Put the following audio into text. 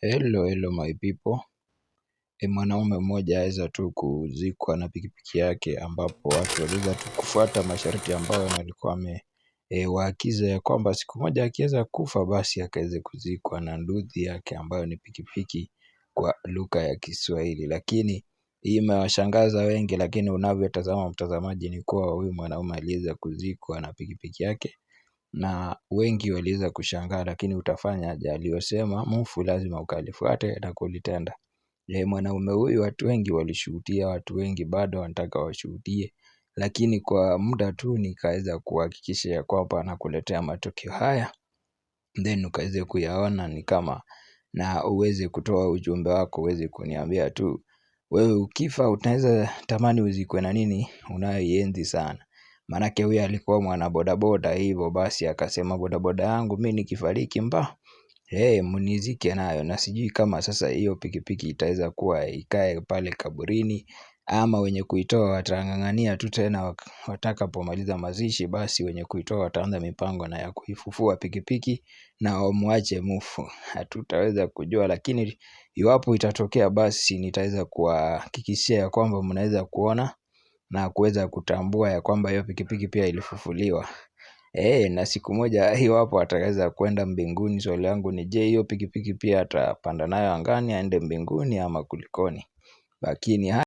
Hello hello my people. E, mwanaume mmoja aweza tu kuzikwa na pikipiki yake, ambapo watu waliweza tu kufuata masharti ambayo alikuwa ame e, ya kwamba siku moja akiweza kufa basi akaweze kuzikwa na ndudhi yake ambayo ni pikipiki kwa lugha ya Kiswahili, lakini hii imewashangaza wengi, lakini unavyotazama mtazamaji, ni kuwa huyu mwanaume aliweza kuzikwa na pikipiki yake na wengi waliweza kushangaa lakini utafanya aje aliyosema mufu lazima ukalifuate na kulitenda eh, mwanaume huyu watu wengi walishuhudia watu wengi bado wanataka washuhudie lakini kwa muda tu nikaweza kuhakikisha ya kwamba nakuletea matokeo haya then ukaweze kuyaona ni kama na uweze kutoa ujumbe wako uweze kuniambia tu wewe ukifa utaweza tamani uzikwe na nini unayoienzi sana Maanake huyo alikuwa mwana bodaboda hivo basi akasema bodaboda yangu mi nikifariki mba eh, mnizike nayo na sijui kama sasa hiyo pikipiki itaweza kuwa ikae pale kaburini ama wenye kuitoa watang'ang'ania tu tena watakapomaliza mazishi basi wenye kuitoa wataanza mipango na ya kuifufua pikipiki na wamwache mufu hatutaweza kujua lakini iwapo itatokea basi nitaweza kuwahakikishia ya kwamba mnaweza kuona na kuweza kutambua ya kwamba hiyo pikipiki pia ilifufuliwa eh, na siku moja iwapo ataweza kuenda mbinguni swali langu ni je hiyo pikipiki pia atapanda nayo angani aende mbinguni ama kulikoni lakini.